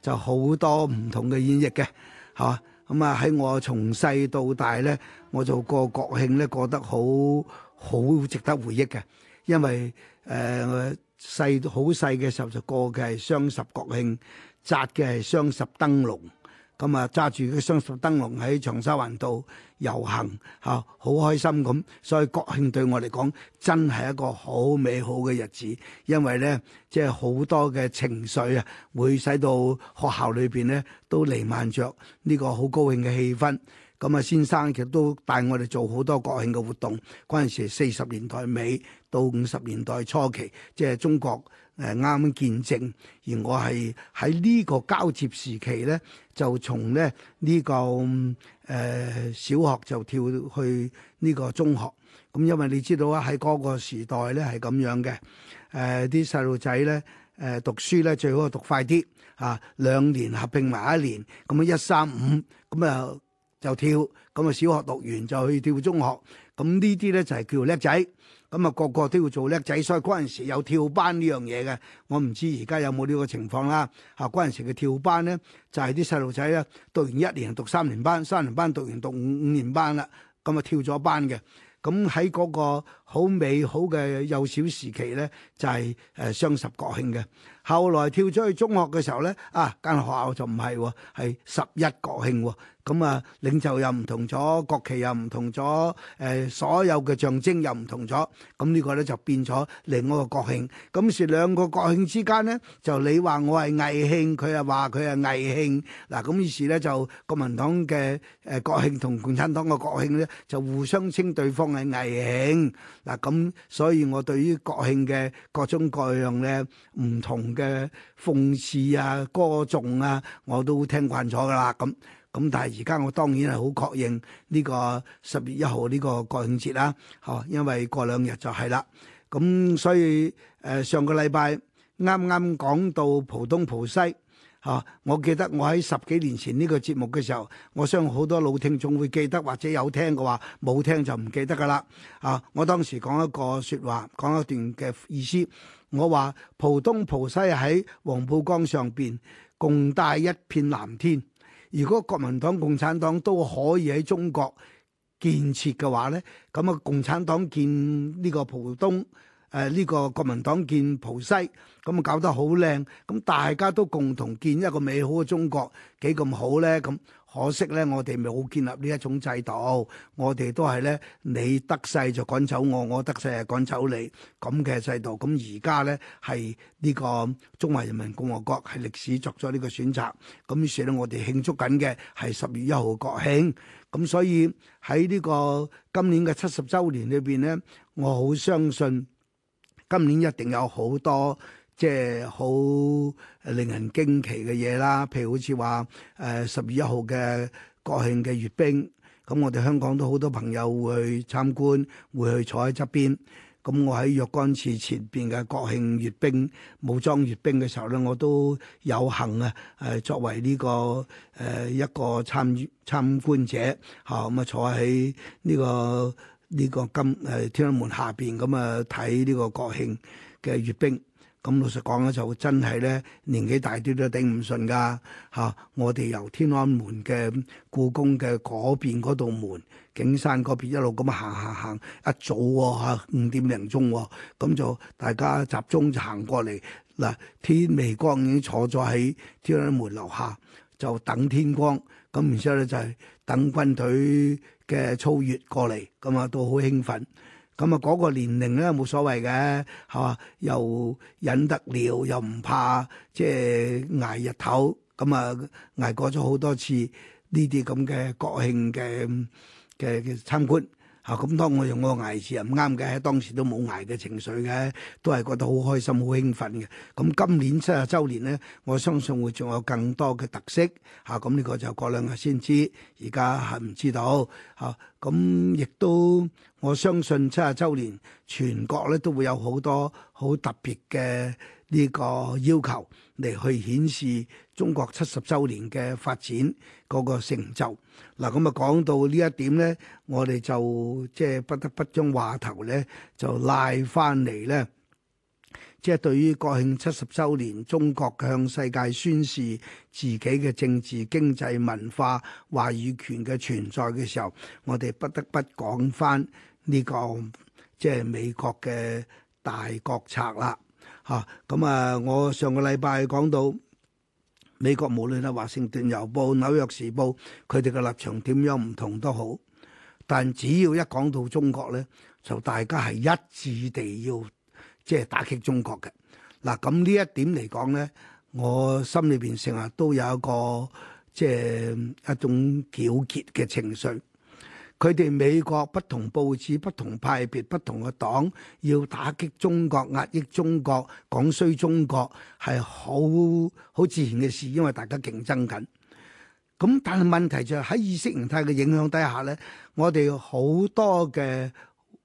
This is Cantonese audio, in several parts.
就好多唔同嘅演繹嘅，吓、啊，咁啊喺我從細到大咧，我就過國慶咧過得好好值得回憶嘅，因為誒細好細嘅時候就過嘅係雙十國慶，紮嘅係雙十燈籠。咁啊，揸住啲雙十燈籠喺長沙灣度遊行嚇，好開心咁。所以國慶對我嚟講，真係一個好美好嘅日子，因為咧，即係好多嘅情緒啊，會使到學校裏邊咧都瀰漫着呢個好高興嘅氣氛。咁啊，先生其實都帶我哋做好多國慶嘅活動。嗰陣時四十年代尾到五十年代初期，即係中國誒啱啱見證。而我係喺呢個交接時期咧，就從咧呢、呢個誒、呃、小學就跳去呢個中學。咁、嗯、因為你知道啊，喺嗰個時代咧係咁樣嘅誒，啲細路仔咧誒讀書咧最好係讀快啲嚇、啊，兩年合併埋一年，咁啊一三五咁啊。就跳咁啊！小學讀完就去跳中學，咁呢啲咧就係叫叻仔，咁啊個個都要做叻仔。所以嗰陣時有跳班呢樣嘢嘅，我唔知而家有冇呢個情況啦。啊，嗰陣時嘅跳班咧，就係啲細路仔咧讀完一年讀三年班，三年班讀完讀五五年班啦，咁啊跳咗班嘅。咁喺嗰個好美好嘅幼小時期咧，就係誒雙十國慶嘅。後來跳咗去中學嘅時候咧，啊間學校就唔係，係十一國慶。咁啊，領袖又唔同咗，國旗又唔同咗，誒，所有嘅象徵又唔同咗，咁呢個呢，就變咗另外一個國慶。咁於是兩個國慶之間呢，就你話我係偽慶，佢又話佢係偽慶。嗱，咁於是呢，就國民黨嘅誒國慶同共產黨嘅國慶呢，就互相稱對方係偽慶。嗱，咁所以我對於國慶嘅各種各樣呢，唔同嘅諷刺啊、歌頌啊，我都聽慣咗㗎啦，咁。咁但係而家我當然係好確認呢個十月一號呢個國慶節啦，吓，因為過兩日就係啦。咁所以誒上個禮拜啱啱講到浦東浦西吓，我記得我喺十幾年前呢個節目嘅時候，我相信好多老聽眾會記得，或者有聽嘅話冇聽就唔記得㗎啦。嚇，我當時講一個說話講一段嘅意思，我話浦東浦西喺黃浦江上邊共戴一片藍天。如果國民黨、共產黨都可以喺中國建設嘅話咧，咁啊，共產黨建呢個浦東，誒、呃、呢、這個國民黨建浦西，咁啊搞得好靚，咁大家都共同建一個美好嘅中國，幾咁好咧？咁。可惜呢，我哋冇建立呢一種制度，我哋都係呢，你得勢就趕走我，我得勢就趕走你咁嘅制度。咁而家呢，係呢個中華人民共和國係歷史作咗呢個選擇，咁所以咧我哋慶祝緊嘅係十月一號國慶。咁、嗯、所以喺呢個今年嘅七十週年裏邊呢，我好相信今年一定有好多。即係好令人驚奇嘅嘢啦，譬如好似話誒十月一號嘅國慶嘅閱兵，咁、嗯、我哋香港都好多朋友會去參觀，會去坐喺側邊。咁、嗯、我喺若干次前邊嘅國慶閱兵、武裝閱兵嘅時候咧，我都有幸啊，誒、呃、作為呢、這個誒、呃、一個參參觀者嚇，咁、嗯、啊、嗯、坐喺呢、這個呢、這個金誒、呃、天安門下邊，咁啊睇呢個國慶嘅閱兵。咁老實講咧，就真係咧年紀大啲都頂唔順噶嚇。我哋由天安門嘅故宮嘅嗰邊嗰度門景山嗰邊一路咁行行行，一早喎、哦、五、啊、點零鐘喎、哦，咁、啊、就、嗯、大家集中就行過嚟嗱、啊，天微光已經坐咗喺天安門樓下，就等天光，咁然之後咧就係等軍隊嘅操越過嚟，咁啊都好興奮。咁啊，嗰個年齡咧冇所謂嘅，嚇、啊，又忍得了，又唔怕，即係捱日頭。咁、嗯、啊，捱過咗好多次呢啲咁嘅國慶嘅嘅參觀。啊！咁當我用個捱字又唔啱嘅，當時都冇捱嘅情緒嘅，都係覺得好開心、好興奮嘅。咁今年七十周年呢，我相信會仲有更多嘅特色。嚇！咁、這、呢個就過兩日先知，而家係唔知道。嚇！咁亦都我相信七十周年全國咧都會有好多好特別嘅呢個要求。嚟去顯示中國七十週年嘅發展嗰個成就。嗱，咁啊講到呢一點咧，我哋就即係不得不將話頭咧就拉翻嚟咧，即係對於國慶七十週年中國向世界宣示自己嘅政治、經濟、文化、話語權嘅存在嘅時候，我哋不得不講翻呢個即係美國嘅大國策啦。嚇，咁啊，啊！我上個禮拜講到美國無論係《華盛頓郵報》《紐約時報》，佢哋嘅立場點樣唔同都好，但只要一講到中國咧，就大家係一致地要即係打擊中國嘅嗱。咁、啊、呢一點嚟講咧，我心裏邊成日都有一個即係一種糾結嘅情緒。佢哋美國不同報紙、不同派別、不同嘅黨，要打擊中國、壓抑中國、講衰中國，係好好自然嘅事，因為大家競爭緊。咁但係問題就係喺意識形態嘅影響底下咧，我哋好多嘅誒、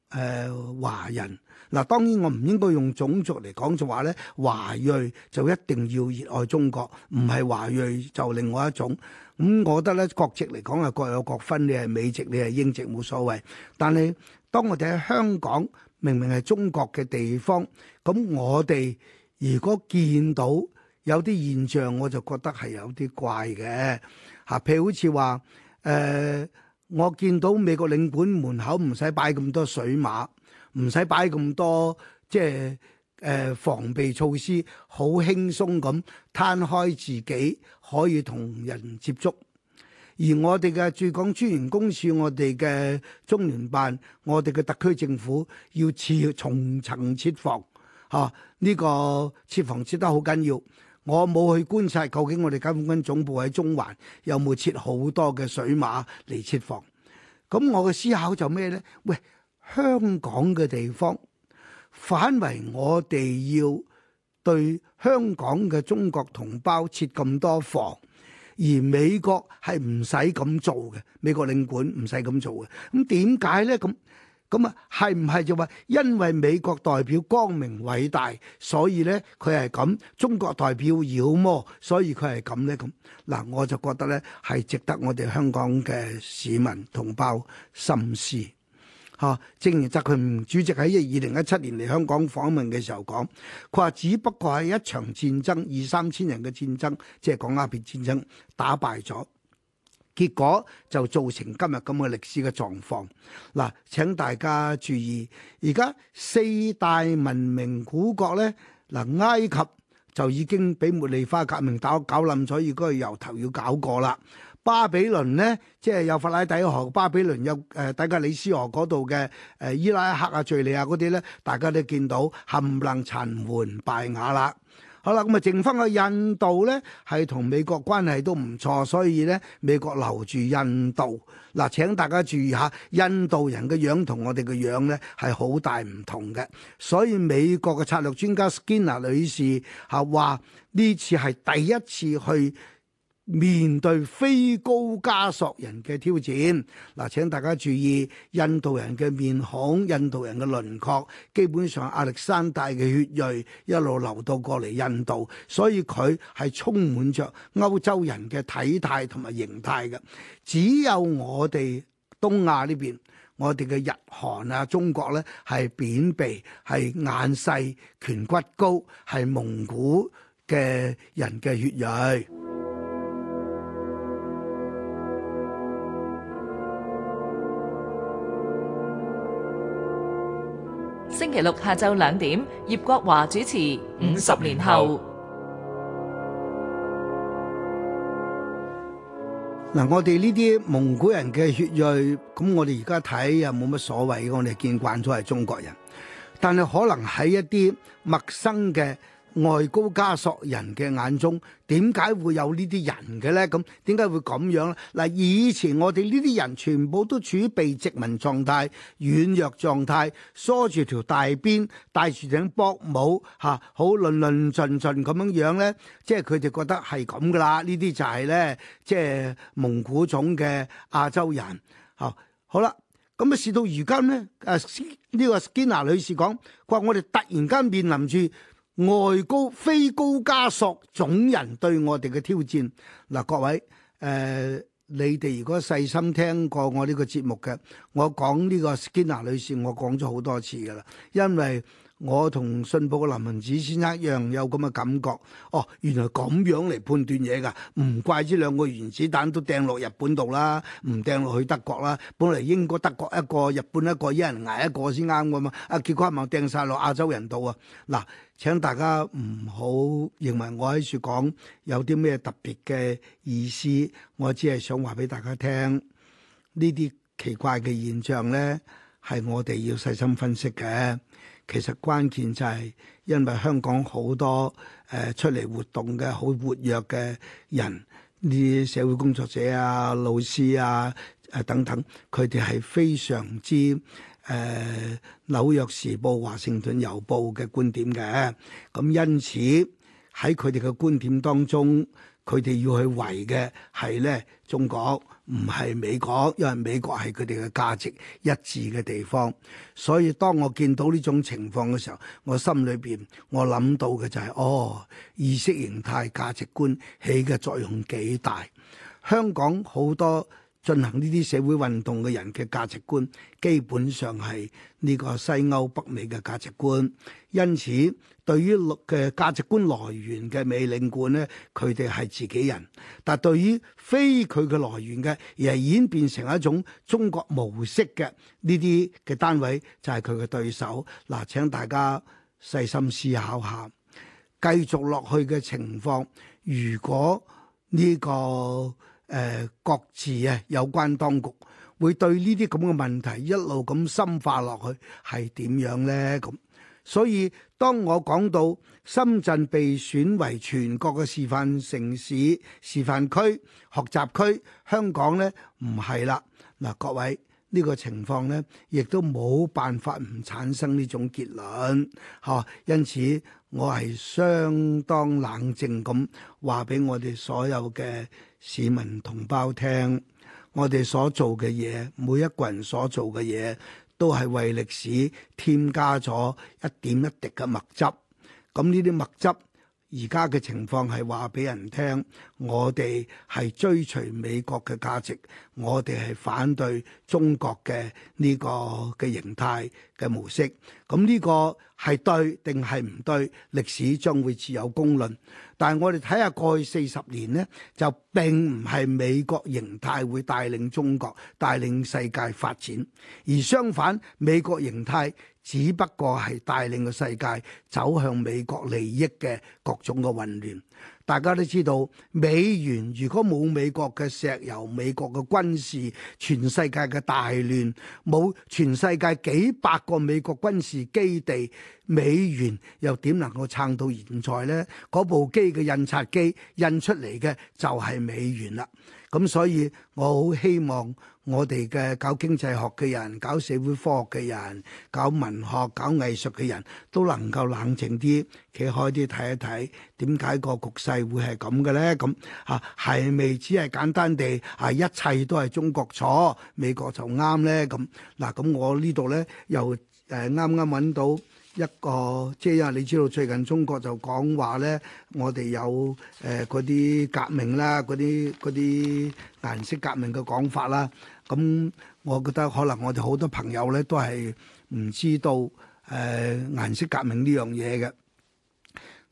呃、華人。嗱，當然我唔應該用種族嚟講就話咧，華裔就一定要熱愛中國，唔係華裔就另外一種。咁、嗯、我覺得咧，國籍嚟講係各有各分，你係美籍，你係英籍冇所謂。但係當我哋喺香港，明明係中國嘅地方，咁我哋如果見到有啲現象，我就覺得係有啲怪嘅嚇。譬如好似話誒，我見到美國領館門口唔使擺咁多水馬。唔使擺咁多即係誒、呃、防備措施，好輕鬆咁攤開自己可以同人接觸。而我哋嘅駐港專員公署、我哋嘅中聯辦、我哋嘅特區政府要設重層設防，嚇、啊、呢、這個設防設得好緊要。我冇去觀察究竟我哋解放軍總部喺中環有冇設好多嘅水馬嚟設防。咁、啊這個、我嘅、啊、思考就咩咧？喂！香港嘅地方反為我哋要對香港嘅中國同胞設咁多防，而美國係唔使咁做嘅，美國領館唔使咁做嘅。咁點解呢？咁咁啊？係唔係就話因為美國代表光明偉大，所以呢佢係咁？中國代表妖魔，所以佢係咁呢？咁嗱，我就覺得呢係值得我哋香港嘅市民同胞深思。哈！正如習近平主席喺二零一七年嚟香港訪問嘅時候講，佢話只不過係一場戰爭，二三千人嘅戰爭，即係講鴉片戰爭，打敗咗，結果就造成今日咁嘅歷史嘅狀況。嗱，請大家注意，而家四大文明古國呢，嗱，埃及就已經俾茉莉花革命搞搞冧咗，要嗰個由頭要搞過啦。巴比倫呢，即係有法拉底河，巴比倫有誒，底、呃、格里斯河嗰度嘅誒，伊拉克啊、敍利亞嗰啲咧，大家都見到，冚唪唥殘垣敗瓦啦。好啦，咁啊，剩翻個印度咧，係同美國關係都唔錯，所以咧，美國留住印度。嗱、呃，請大家注意下，印度人嘅樣,我樣同我哋嘅樣咧係好大唔同嘅。所以美國嘅策略專家 Skinner 女士係話，呢、啊、次係第一次去。面對非高加索人嘅挑戰，嗱、啊，請大家注意，印度人嘅面孔、印度人嘅輪廓，基本上亞歷山大嘅血液一路流到過嚟印度，所以佢係充滿着歐洲人嘅體態同埋形態嘅。只有我哋東亞呢邊，我哋嘅日韓啊、中國呢，係扁鼻、係眼細、顴骨高、係蒙古嘅人嘅血液。星期六下晝兩點，葉國華主持。五十年後，嗱、嗯，我哋呢啲蒙古人嘅血裔，咁、嗯、我哋而家睇又冇乜所謂。我哋見慣咗係中國人，但係可能喺一啲陌生嘅。外高加索人嘅眼中，點解會有呢啲人嘅咧？咁點解會咁樣咧？嗱，以前我哋呢啲人全部都處於被殖民狀態、軟弱狀態，梳住條大辮，戴住頂薄帽，嚇、啊、好，論論盡盡咁樣樣咧，即係佢哋覺得係咁噶啦。呢啲就係咧，即係蒙古種嘅亞洲人。哦，好啦，咁啊，事到如今咧，誒呢個金娜女士講話，我哋突然間面臨住。外高非高加索種人對我哋嘅挑戰。嗱，各位誒、呃，你哋如果細心聽過我呢個節目嘅，我講呢個 Skinner 女士，我講咗好多次㗎喇，因為，我同信報嘅林文子先生一樣有咁嘅感覺，哦，原來咁樣嚟判斷嘢噶，唔怪之兩個原子彈都掟落日本度啦，唔掟落去德國啦，本來英國德國一個，日本一個，一人捱一個先啱噶嘛，啊結果冇掟晒落亞洲人度啊！嗱，請大家唔好認為我喺處講有啲咩特別嘅意思，我只係想話俾大家聽，呢啲奇怪嘅現象咧，係我哋要細心分析嘅。其實關鍵就係因為香港好多誒、呃、出嚟活動嘅好活躍嘅人，啲社會工作者啊、老師啊誒、呃、等等，佢哋係非常之誒、呃《紐約時報》《華盛頓郵報》嘅觀點嘅。咁因此喺佢哋嘅觀點當中，佢哋要去圍嘅係咧中國。唔係美國，因為美國係佢哋嘅價值一致嘅地方，所以當我見到呢種情況嘅時候，我心裏邊我諗到嘅就係、是、哦意識形態價值觀起嘅作用幾大。香港好多進行呢啲社會運動嘅人嘅價值觀，基本上係呢個西歐北美嘅價值觀，因此。對於嘅價值觀來源嘅美領館咧，佢哋係自己人；但對於非佢嘅來源嘅，而係演變成一種中國模式嘅呢啲嘅單位，就係佢嘅對手。嗱、呃，請大家細心思考下，繼續落去嘅情況，如果呢、呢個誒、呃、各自啊有關當局會對呢啲咁嘅問題一路咁深化落去，係點樣咧？咁所以。當我講到深圳被選為全國嘅示範城市、示範區、學習區，香港呢唔係啦。嗱，各位，呢個情況呢亦都冇辦法唔產生呢種結論。嚇，因此我係相當冷靜咁話俾我哋所有嘅市民同胞聽，我哋所做嘅嘢，每一個人所做嘅嘢。都係為歷史添加咗一點一滴嘅墨汁，咁呢啲墨汁。而家嘅情況係話俾人聽，我哋係追隨美國嘅價值，我哋係反對中國嘅呢個嘅形態嘅模式。咁呢個係對定係唔對？歷史將會自有公論。但係我哋睇下過去四十年呢，就並唔係美國形態會帶領中國、帶領世界發展，而相反，美國形態。只不過係帶領個世界走向美國利益嘅各種嘅混亂。大家都知道，美元如果冇美國嘅石油、美國嘅軍事、全世界嘅大亂、冇全世界幾百個美國軍事基地，美元又點能夠撐到現在呢？嗰部機嘅印刷機印出嚟嘅就係美元啦。咁所以，我好希望。我哋嘅搞經濟學嘅人、搞社會科學嘅人、搞文學、搞藝術嘅人都能夠冷靜啲企開啲睇一睇，點解個局勢會係咁嘅咧？咁嚇係咪只係簡單地吓，一切都係中國錯，美國就啱咧？咁嗱，咁我呢度咧又誒啱啱揾到一個，即係因為你知道最近中國就講話咧，我哋有誒嗰啲革命啦，嗰啲嗰啲顏色革命嘅講法啦。咁、嗯，我覺得可能我哋好多朋友咧都係唔知道誒顏、呃、色革命呢樣嘢嘅。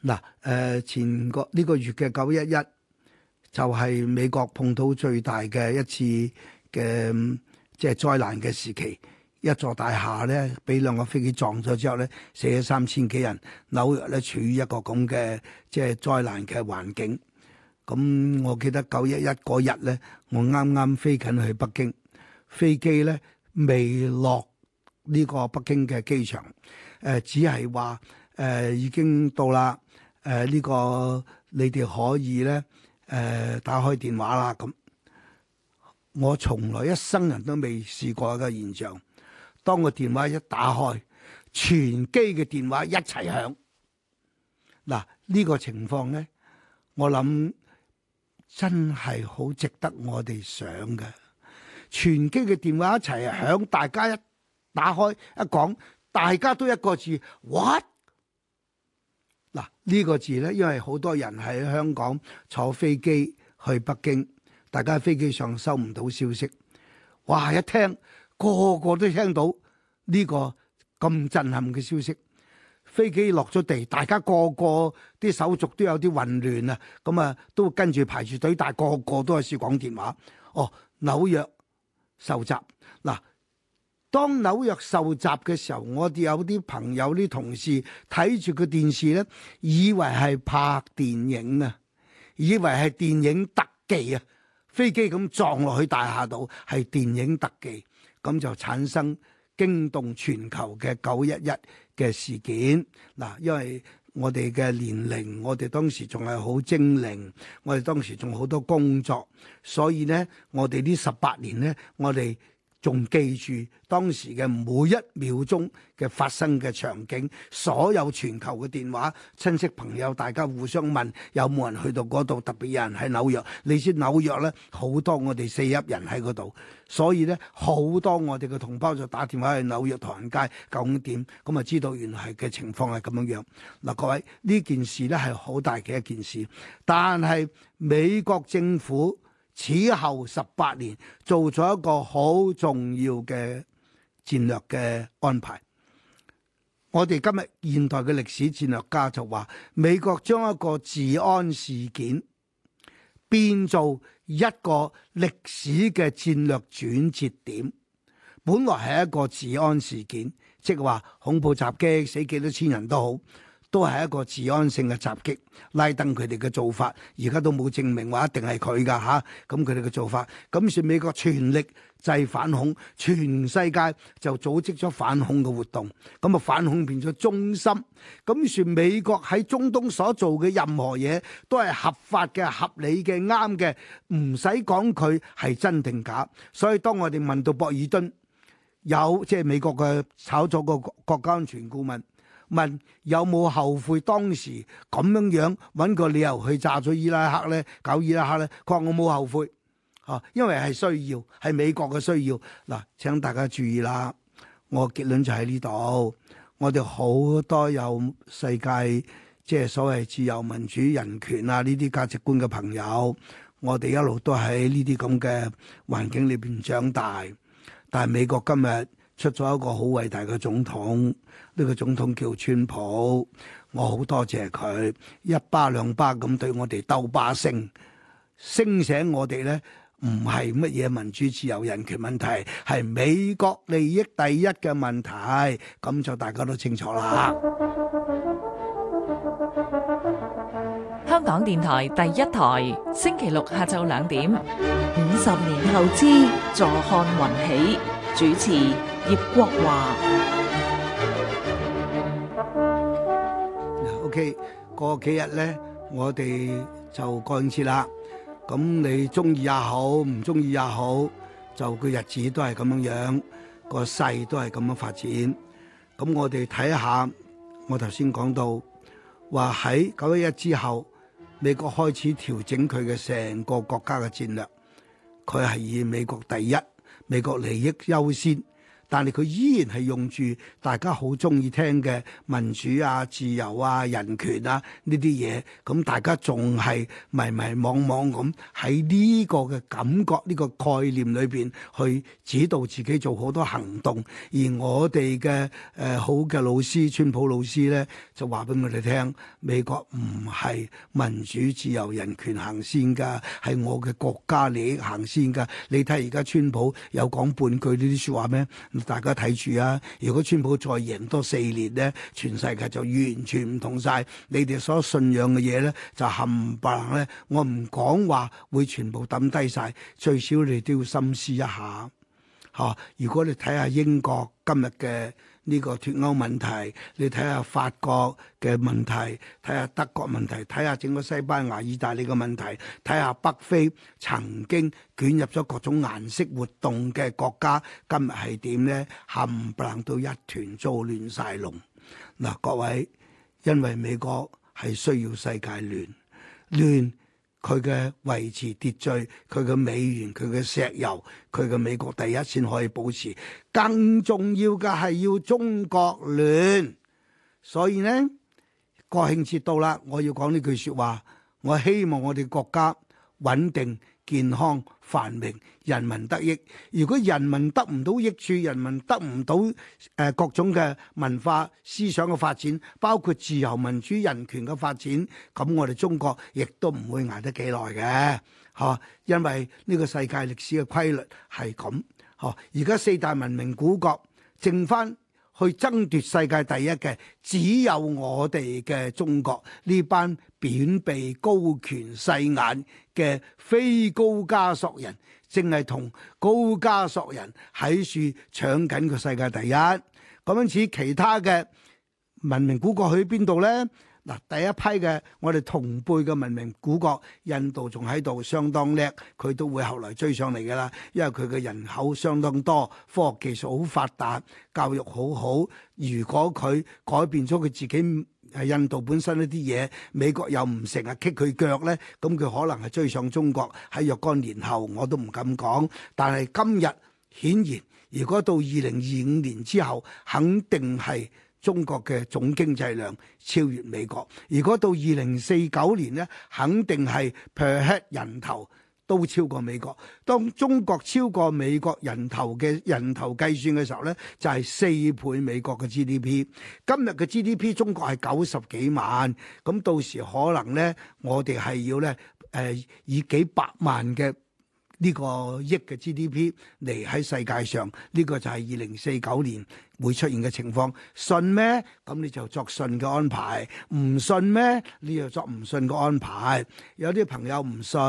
嗱、呃、誒前個呢、呢個月嘅九一一就係美國碰到最大嘅一次嘅、嗯、即係災難嘅時期，一座大廈咧俾兩個飛機撞咗之後咧，死咗三千幾人，紐約咧處於一個咁嘅即係災難嘅環境。咁、嗯、我記得九一一嗰日咧，我啱啱飛緊去北京。飛機咧未落呢個北京嘅機場，誒、呃、只係話誒已經到啦，誒、呃、呢、呢個你哋可以咧誒、呃、打開電話啦咁。我從來一生人都未試過嘅現象，當個電話一打開，全機嘅電話一齊響。嗱呢、呢個情況咧，我諗真係好值得我哋想嘅。全機嘅電話一齊響，大家一打開一講，大家都一個字 What。嗱呢個字呢，因為好多人喺香港坐飛機去北京，大家喺飛機上收唔到消息。哇！一聽個個都聽到呢個咁震撼嘅消息。飛機落咗地，大家個個啲手續都有啲混亂啊！咁啊，都跟住排住隊，但係個個都係説講電話。哦，紐約。受襲嗱，當紐約受襲嘅時候，我哋有啲朋友、啲同事睇住個電視咧，以為係拍電影啊，以為係電影特技啊，飛機咁撞落去大廈度係電影特技，咁就產生驚動全球嘅九一一嘅事件嗱，因為，我哋嘅年齡，我哋當時仲係好精靈，我哋當時仲好多工作，所以咧，我哋呢十八年咧，我哋。仲記住當時嘅每一秒鐘嘅發生嘅場景，所有全球嘅電話、親戚朋友，大家互相問有冇人去到嗰度，特別有人喺紐約，你知紐約呢，好多我哋四邑人喺嗰度，所以呢，好多我哋嘅同胞就打電話去紐約唐人街九點，咁啊知道原來嘅情況係咁樣樣。嗱，各位呢件事呢係好大嘅一件事，但係美國政府。此後十八年做咗一個好重要嘅戰略嘅安排。我哋今日現代嘅歷史戰略家就話，美國將一個治安事件變做一個歷史嘅戰略轉折點。本來係一個治安事件，即係話恐怖襲擊死幾多千人都好。都係一個治安性嘅襲擊，拉登佢哋嘅做法而家都冇證明話一定係佢噶嚇，咁佢哋嘅做法，咁算、啊、美國全力制反恐，全世界就組織咗反恐嘅活動，咁啊反恐變咗中心，咁算美國喺中東所做嘅任何嘢都係合法嘅、合理嘅、啱嘅，唔使講佢係真定假，所以當我哋問到博爾頓有即係、就是、美國嘅炒咗個國家安全顧問。問有冇後悔當時咁樣樣揾個理由去炸咗伊拉克咧，搞伊拉克咧？佢話我冇後悔，啊，因為係需要，係美國嘅需要。嗱，請大家注意啦，我結論就喺呢度。我哋好多有世界即係所謂自由、民主、人權啊呢啲價值觀嘅朋友，我哋一路都喺呢啲咁嘅環境裏邊長大，但係美國今日。出咗一個好偉大嘅總統，呢個總統叫川普，我好多謝佢一巴兩巴咁對我哋兜巴聲，聲醒我哋咧，唔係乜嘢民主自由人權問題，係美國利益第一嘅問題，咁就大家都清楚啦。香港電台第一台，星期六下晝兩點，五十年後之坐看雲起，主持。葉國華，OK，過幾日咧，我哋就國慶啦。咁你中意也好，唔中意也好，就個日子都係咁樣樣，個勢都係咁樣發展。咁我哋睇下，我頭先講到話喺九一一之後，美國開始調整佢嘅成個國家嘅戰略，佢係以美國第一、美國利益優先。但係佢依然係用住大家好中意聽嘅民主啊、自由啊、人權啊呢啲嘢，咁大家仲係迷迷惘惘咁喺呢個嘅感覺、呢個概念裏邊去指導自己做好多行動。而我哋嘅誒好嘅老師川普老師呢，就話俾我哋聽：美國唔係民主、自由、人權行先㗎，係我嘅國家利益行先㗎。你睇而家川普有講半句呢啲説話咩？大家睇住啊！如果川普再贏多四年咧，全世界就完全唔同晒。你哋所信仰嘅嘢咧，就冚唪唥咧，我唔講話會全部抌低晒，最少你哋都要深思一下嚇。如果你睇下英國今日嘅。呢個脫歐問題，你睇下法國嘅問題，睇下德國問題，睇下整個西班牙、意大利嘅問題，睇下北非曾經捲入咗各種顏色活動嘅國家，今日係點呢？冚唪唥都一團糟亂晒龍。嗱，各位，因為美國係需要世界亂，亂。佢嘅維持秩序，佢嘅美元，佢嘅石油，佢嘅美國第一線可以保持。更重要嘅係要中國亂，所以呢，國慶節到啦，我要講呢句説話，我希望我哋國家穩定健康。繁榮，人民得益。如果人民得唔到益處，人民得唔到誒各種嘅文化思想嘅發展，包括自由民主、人權嘅發展，咁我哋中國亦都唔會捱得幾耐嘅，嚇。因為呢個世界歷史嘅規律係咁，嚇。而家四大文明古國，剩返去爭奪世界第一嘅，只有我哋嘅中國呢班。扁鼻高顴細眼嘅非高加索人，正係同高加索人喺度搶緊個世界第一。咁樣似其他嘅文明古國去邊度呢？嗱，第一批嘅我哋同輩嘅文明古國，印度仲喺度，相當叻，佢都會後來追上嚟㗎啦。因為佢嘅人口相當多，科學技術好發達，教育好好。如果佢改變咗佢自己。係印度本身呢啲嘢，美國又唔成日棘佢腳呢。咁佢可能係追上中國。喺若干年後我都唔敢講，但係今日顯然，如果到二零二五年之後，肯定係中國嘅總經濟量超越美國。如果到二零四九年呢，肯定係 per head 人頭。都超過美國。當中國超過美國人頭嘅人頭計算嘅時候呢，就係、是、四倍美國嘅 GDP。今日嘅 GDP 中國係九十幾萬，咁到時可能呢，我哋係要呢誒、呃、以幾百萬嘅呢個億嘅 GDP 嚟喺世界上，呢、這個就係二零四九年。會出現嘅情況，信咩？咁你就作信嘅安排；唔信咩？你就作唔信嘅安排。有啲朋友唔信，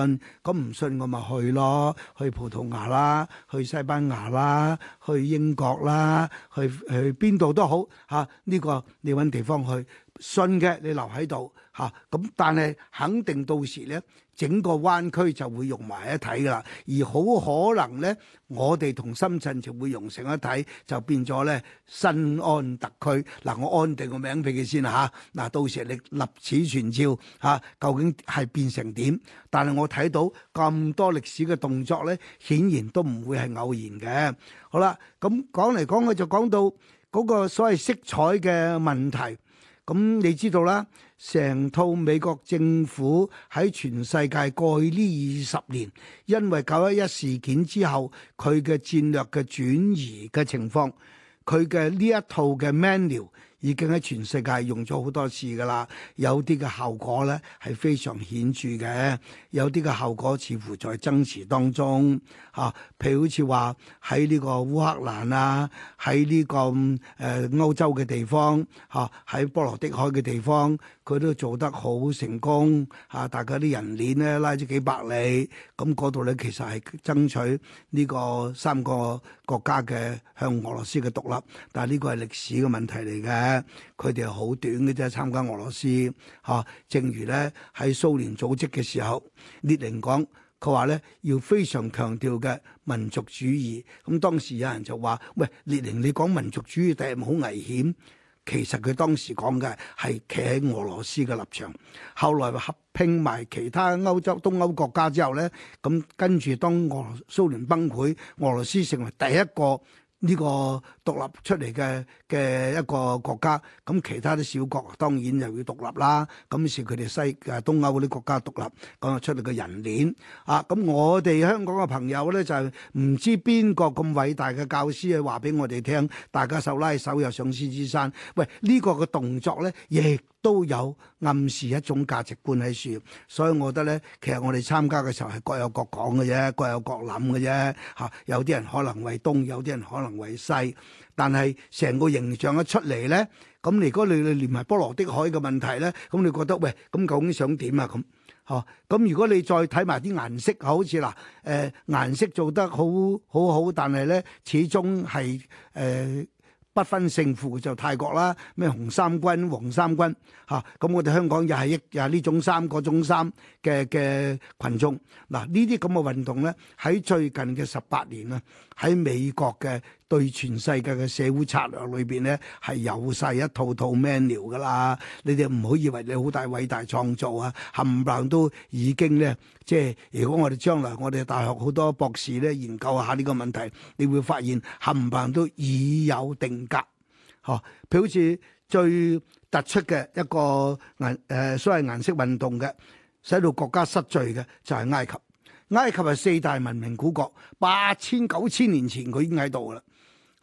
咁唔信我咪去咯，去葡萄牙啦，去西班牙啦，去英國啦，去去邊度都好嚇。呢個你揾地方去，信嘅你留喺度嚇。咁但係肯定到時呢。整個灣區就會融埋一體噶啦，而好可能呢，我哋同深圳就會融成一體，就變咗呢新安特區。嗱，我安定個名俾佢先啦嚇。嗱，到時你立此存照嚇，究竟係變成點？但係我睇到咁多歷史嘅動作呢，顯然都唔會係偶然嘅。好啦，咁講嚟講去就講到嗰個所謂色彩嘅問題。咁、嗯、你知道啦，成套美國政府喺全世界過去呢二十年，因為九一一事件之後，佢嘅戰略嘅轉移嘅情況，佢嘅呢一套嘅 menu，已經喺全世界用咗好多次噶啦，有啲嘅效果咧係非常顯著嘅，有啲嘅效果似乎在爭持當中嚇，譬、啊、如好似話喺呢個烏克蘭啊，喺呢、這個誒、呃、歐洲嘅地方嚇，喺、啊、波羅的海嘅地方。佢都做得好成功，嚇！大家啲人鏈咧拉咗幾百里，咁嗰度咧其實係爭取呢個三個國家嘅向俄羅斯嘅獨立，但係呢個係歷史嘅問題嚟嘅。佢哋係好短嘅啫，參加俄羅斯嚇、啊。正如咧喺蘇聯組織嘅時候，列寧講佢話咧要非常強調嘅民族主義。咁當時有人就話，喂，列寧，你講民族主義但係好危險？其實佢當時講嘅係企喺俄羅斯嘅立場，後來合併埋其他歐洲東歐國家之後呢，咁跟住當俄羅斯蘇聯崩潰，俄羅斯成為第一個。呢個獨立出嚟嘅嘅一個國家，咁其他啲小國當然又要獨立啦。咁是佢哋西嘅東歐嗰啲國家獨立，咁啊出嚟嘅人鏈啊！咁我哋香港嘅朋友咧就係唔知邊個咁偉大嘅教師去話俾我哋聽，大家手拉手又上獅子山。喂，呢個嘅動作咧亦～都有暗示一種價值觀喺樹，所以我覺得咧，其實我哋參加嘅時候係各有各講嘅啫，各有各諗嘅啫。嚇，有啲人可能為東，有啲人可能為西，但係成個形象一出嚟咧，咁如果你你連埋波羅的海嘅問題咧，咁你覺得喂，咁究竟想點啊？咁，嚇，咁如果你再睇埋啲顏色，好似嗱，誒、呃、顏色做得好好好，但係咧，始終係誒。呃不分勝負就泰國啦，咩紅衫軍、黃衫軍嚇，咁、啊、我哋香港又係一又係呢種衫嗰種衫嘅嘅羣眾，嗱，呢啲咁嘅運動咧，喺最近嘅十八年啊，喺美國嘅。對全世界嘅社會策略裏邊咧，係有晒一套一套 manual 噶啦。你哋唔好以為你好大偉大創造啊，冚唪唥都已經咧，即係如果我哋將來我哋大學好多博士咧研究下呢個問題，你會發現冚唪唥都已有定格。嗬，譬如好似最突出嘅一個顏誒、呃、所謂顏色運動嘅，使到國家失序嘅就係、是、埃及。埃及係四大文明古國，八千九千年前佢已經喺度噶啦。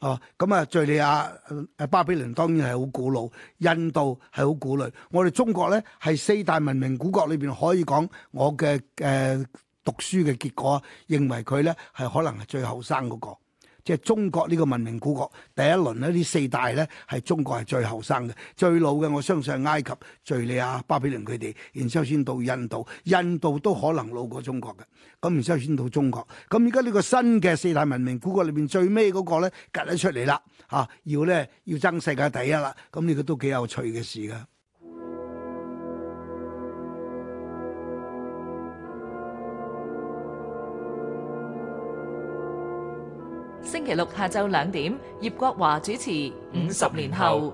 哦，咁啊，敘利亞誒、巴比倫當然係好古老，印度係好古老，我哋中國咧，係四大文明古國裏邊，可以講我嘅誒、呃、讀書嘅結果，認為佢咧，係可能係最後生個。即係中國呢個文明古國，第一輪咧，呢四大咧係中國係最後生嘅，最老嘅。我相信埃及、敘利亞、巴比倫佢哋，然之後先到印度，印度都可能老過中國嘅。咁然之後先到中國。咁而家呢個新嘅四大文明古國裏邊最尾嗰個咧，隔得出嚟啦，吓、啊、要咧要爭世界第一啦。咁呢個都幾有趣嘅事噶。星期六下晝兩點，葉國華主持《五十年後》年後。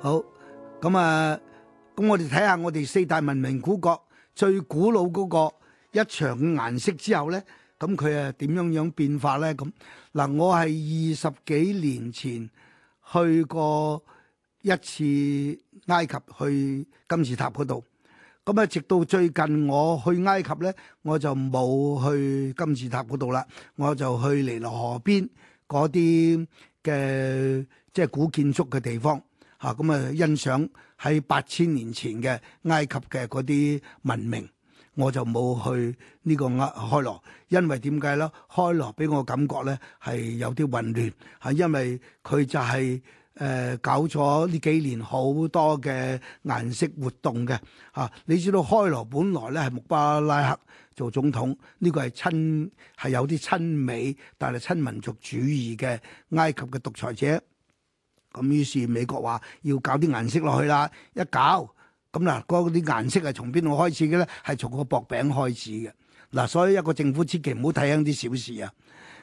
好，咁啊，咁我哋睇下我哋四大文明古國最古老嗰、嗰個一場顏色之後咧，咁佢係點樣樣變化咧？咁嗱，我係二十幾年前去過一次埃及去金字塔嗰度。咁啊，直到最近我去埃及咧，我就冇去金字塔嗰度啦，我就去尼羅河邊嗰啲嘅即係古建築嘅地方，吓咁啊、嗯、欣賞喺八千年前嘅埃及嘅嗰啲文明，我就冇去呢個阿開羅，因為點解咧？開羅俾我感覺咧係有啲混亂，係、啊、因為佢就係、是。誒、呃、搞咗呢幾年好多嘅顏色活動嘅嚇、啊，你知道開羅本來咧係穆巴拉克做總統，呢、這個係親係有啲親美但係親民族主義嘅埃及嘅獨裁者。咁、啊、於是美國話要搞啲顏色落去啦，一搞咁嗱，嗰、啊、啲顏色係從邊度開始嘅咧？係從個薄餅開始嘅嗱、啊，所以一個政府千祈唔好睇輕啲小事啊！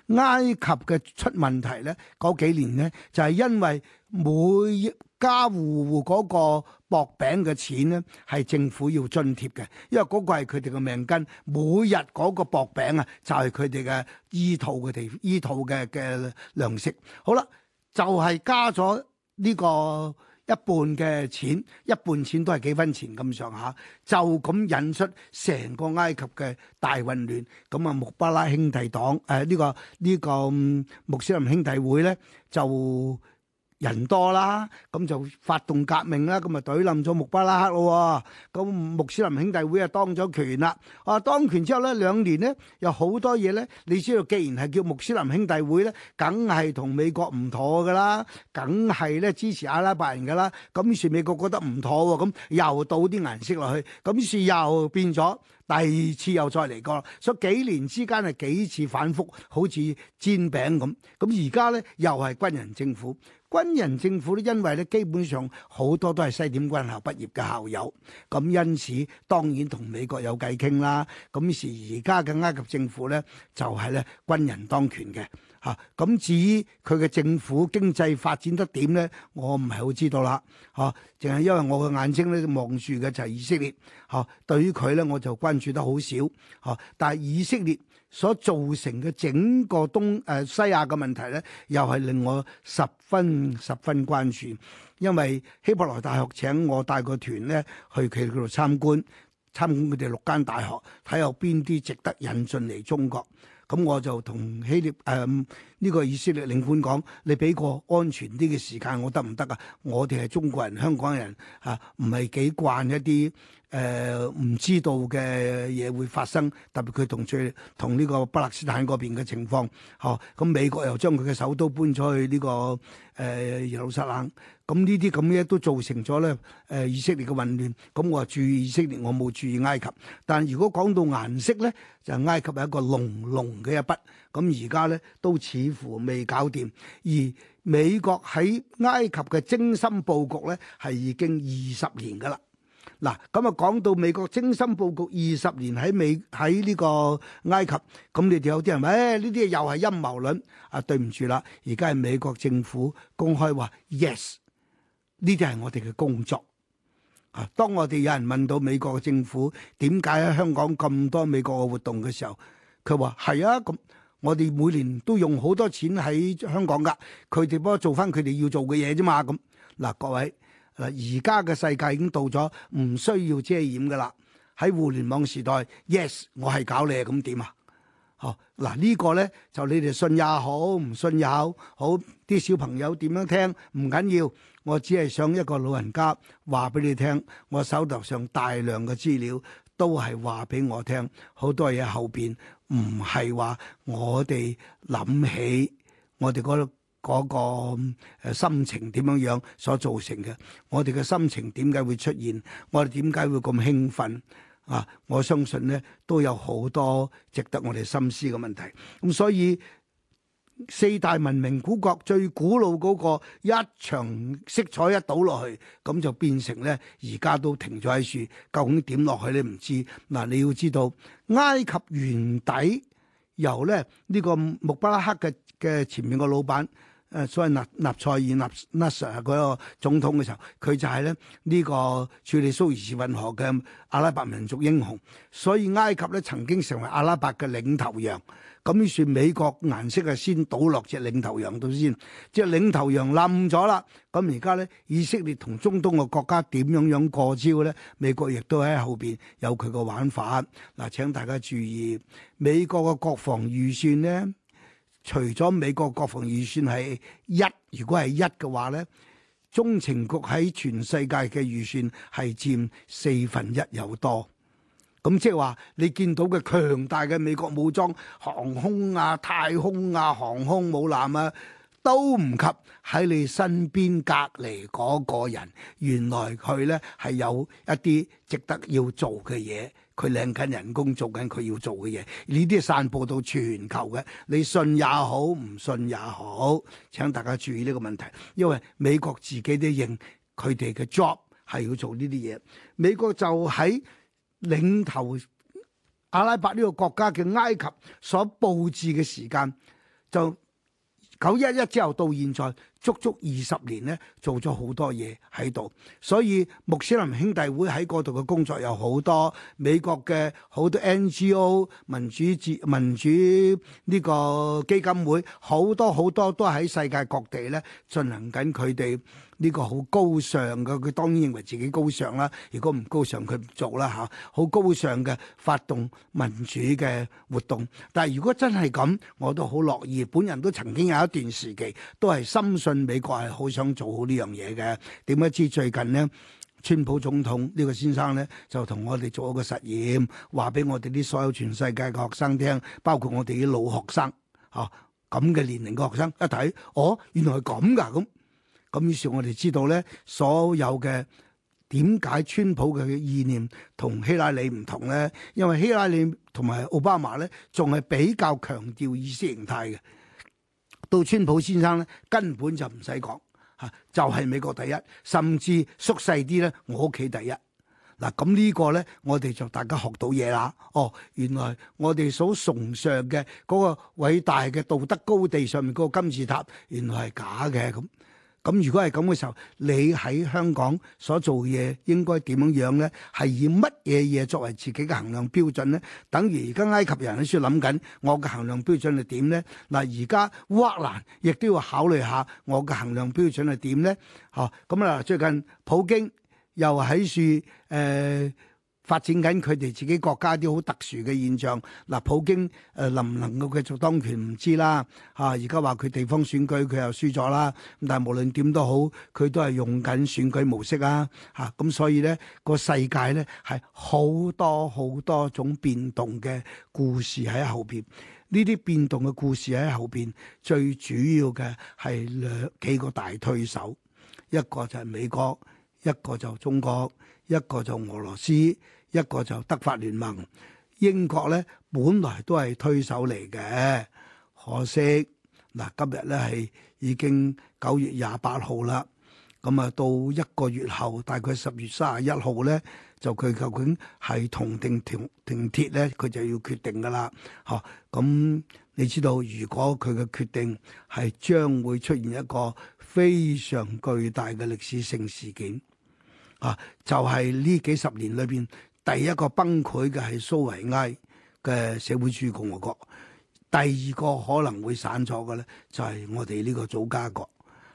埃及嘅出問題咧，嗰幾年咧就係、是、因為每家戶戶嗰個薄餅嘅錢咧，係政府要津貼嘅，因為嗰個係佢哋嘅命根，每日嗰個薄餅啊，就係佢哋嘅醫肚嘅地醫肚嘅嘅糧食。好啦，就係、是、加咗呢、這個。一半嘅錢，一半錢都係幾分錢咁上下，就咁引出成個埃及嘅大混亂。咁啊，穆巴拉兄弟黨，誒、呃、呢、呢個呢、呢個穆斯林兄弟會呢，就。人多啦，咁就發動革命啦，咁咪懟冧咗穆巴拉克咯，咁穆斯林兄弟會啊當咗權啦。啊，當權之後咧，兩年咧，有好多嘢咧，你知道，既然係叫穆斯林兄弟會咧，梗係同美國唔妥噶啦，梗係咧支持阿拉伯人噶啦，咁於是美國覺得唔妥，咁又倒啲顏色落去，咁於是又變咗。第二次又再嚟過，所以幾年之間係幾次反覆，好似煎餅咁。咁而家咧又係軍人政府，軍人政府咧因為咧基本上好多都係西點軍校畢業嘅校友，咁因此當然同美國有偈傾啦。咁是而家嘅埃及政府咧就係咧軍人當權嘅吓。咁至於佢嘅政府經濟發展得點咧，我唔係好知道啦。吓，淨係因為我嘅眼睛咧望住嘅就係以色列吓。對於佢咧我就關。關注得好少，嗬！但係以色列所造成嘅整個東誒、呃、西亞嘅問題咧，又係令我十分十分關注，因為希伯來大學請我帶個團咧去佢嗰度參觀，參觀佢哋六間大學，睇有邊啲值得引進嚟中國。咁我就同希臘誒呢個以色列領館講，你俾個安全啲嘅時間我得唔得啊？我哋係中國人、香港人啊，唔係幾慣一啲誒唔知道嘅嘢會發生，特別佢同最同呢個巴勒斯坦嗰邊嘅情況。嗬、啊，咁美國又將佢嘅首都搬咗去呢、呢個誒、呃、耶路撒冷。咁呢啲咁嘅都造成咗呢誒、呃、以色列嘅混亂。咁、嗯、我話注意以色列，我冇注意埃及。但如果講到顏色呢，就埃及係一個濃濃嘅一筆。咁而家呢，都似乎未搞掂。而美國喺埃及嘅精心佈局呢，係已經二十年噶啦。嗱，咁、嗯、啊講到美國精心佈局二十年喺美喺呢個埃及，咁、嗯、你哋有啲人話誒呢啲又係陰謀論。啊，對唔住啦，而家係美國政府公開話 yes。呢啲係我哋嘅工作啊！當我哋有人問到美國嘅政府點解喺香港咁多美國嘅活動嘅時候，佢話係啊，咁我哋每年都用好多錢喺香港噶，佢哋幫我做翻佢哋要做嘅嘢啫嘛。咁、啊、嗱，各位嗱，而家嘅世界已經到咗唔需要遮掩噶啦，喺互聯網時代，yes，我係搞你啊，咁點啊？哦、啊，嗱、這個、呢個咧就你哋信也好，唔信也好，好啲小朋友點樣聽唔緊要，要。我只係想一個老人家話俾你聽，我手頭上大量嘅資料都係話俾我聽，好多嘢後邊唔係話我哋諗起我哋嗰嗰個心情點樣樣所造成嘅，我哋嘅心情點解會出現，我哋點解會咁興奮啊？我相信呢都有好多值得我哋深思嘅問題，咁所以。四大文明古國最古老嗰、那個一場色彩一倒落去，咁就變成咧而家都停咗喺樹，究竟點落去你唔知。嗱，你要知道埃及原底由咧呢、這個穆巴拉克嘅嘅前面個老闆，誒，所謂納納賽爾納納嗰個總統嘅時候，佢就係咧呢、這個處理蘇伊士運河嘅阿拉伯民族英雄，所以埃及咧曾經成為阿拉伯嘅領頭羊。咁呢算美國顏色啊，先倒落隻領頭羊度先，隻領頭羊冧咗啦。咁而家咧，以色列同中東嘅國家點樣樣過招咧？美國亦都喺後邊有佢個玩法。嗱，請大家注意，美國嘅國防預算咧，除咗美國國防預算係一，如果係一嘅話咧，中情局喺全世界嘅預算係佔四分一有多。咁即係話，你見到嘅強大嘅美國武裝，航空啊、太空啊、航空母艦啊，都唔及喺你身邊隔籬嗰個人。原來佢呢係有一啲值得要做嘅嘢，佢領緊人工做緊佢要做嘅嘢。呢啲散佈到全球嘅，你信也好，唔信也好，請大家注意呢個問題，因為美國自己都認佢哋嘅 job 係要做呢啲嘢。美國就喺。領頭阿拉伯呢個國家嘅埃及所佈置嘅時間，就九一一之後到現在足足二十年呢，做咗好多嘢喺度。所以穆斯林兄弟會喺嗰度嘅工作有好多，美國嘅好多 NGO 民主治民主呢個基金會，好多好多都喺世界各地呢進行緊佢哋。呢個好高尚嘅，佢當然認為自己高尚啦。如果唔高尚，佢唔做啦嚇。好高尚嘅發動民主嘅活動，但係如果真係咁，我都好樂意。本人都曾經有一段時期都係深信美國係好想做好呢樣嘢嘅。點解知最近呢？川普總統呢個先生呢，就同我哋做一個實驗，話俾我哋啲所有全世界嘅學生聽，包括我哋啲老學生嚇咁嘅年齡嘅學生一睇，哦，原來係咁噶咁。咁於是，我哋知道咧，所有嘅點解川普嘅意念同希拉里唔同咧？因為希拉里同埋奧巴馬咧，仲係比較強調意識形態嘅。到川普先生咧，根本就唔使講嚇，就係、是、美國第一，甚至縮細啲咧，我屋企第一。嗱、啊，咁呢個咧，我哋就大家學到嘢啦。哦，原來我哋所崇尚嘅嗰個偉大嘅道德高地上面嗰個金字塔，原來係假嘅咁。咁如果係咁嘅時候，你喺香港所做嘢應該點樣樣咧？係以乜嘢嘢作為自己嘅衡量標準咧？等於而家埃及人喺處諗緊，我嘅衡量標準係點咧？嗱，而家烏克蘭亦都要考慮下，我嘅衡量標準係點咧？嚇，咁啊，最近普京又喺處誒。呃發展緊佢哋自己國家啲好特殊嘅現象。嗱，普京誒能唔能夠繼續當權唔知啦。嚇，而家話佢地方選舉佢又輸咗啦。咁但係無論點都好，佢都係用緊選舉模式啊。嚇，咁所以咧個世界咧係好多好多種變動嘅故事喺後邊。呢啲變動嘅故事喺後邊，最主要嘅係兩幾個大推手，一個就係美國，一個就中國，一個就俄羅斯。一個就德法聯盟，英國咧本來都係推手嚟嘅，可惜嗱，今日咧係已經九月廿八號啦，咁啊到一個月後，大概十月卅一號咧，就佢究竟係同定停停鐵咧，佢就要決定噶啦，吓、啊、咁、嗯、你知道如果佢嘅決定係將會出現一個非常巨大嘅歷史性事件，啊就係、是、呢幾十年裏邊。第一個崩潰嘅係蘇維埃嘅社會主義共和國，第二個可能會散錯嘅咧，就係、是、我哋呢個祖家國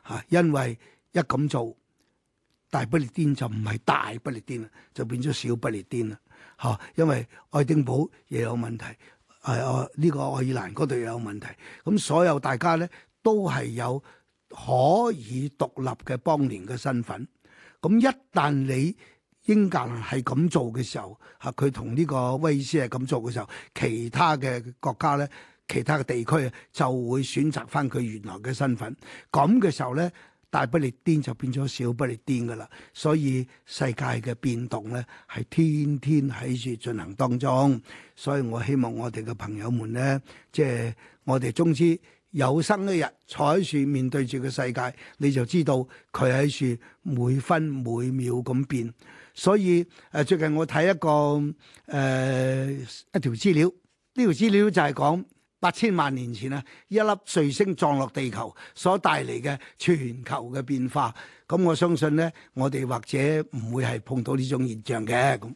嚇，因為一咁做，大不列顛就唔係大不列顛啦，就變咗小不列顛啦嚇，因為愛丁堡也有問題，係啊，呢、這個愛爾蘭嗰度又有問題，咁所有大家咧都係有可以獨立嘅邦聯嘅身份，咁一旦你英格蘭係咁做嘅時候，吓佢同呢個威斯係咁做嘅時候，其他嘅國家咧，其他嘅地區就會選擇翻佢原來嘅身份。咁嘅時候咧，大不列顛就變咗小不列顛噶啦。所以世界嘅變動咧，係天天喺住進行當中。所以我希望我哋嘅朋友們咧，即係我哋總之。有生一日坐喺樹面對住個世界，你就知道佢喺樹每分每秒咁變。所以誒、呃，最近我睇一個誒、呃、一條資料，呢、這、條、個、資料就係講八千萬年前啊，一粒碎星撞落地球所帶嚟嘅全球嘅變化。咁、嗯、我相信咧，我哋或者唔會係碰到呢種現象嘅咁。嗯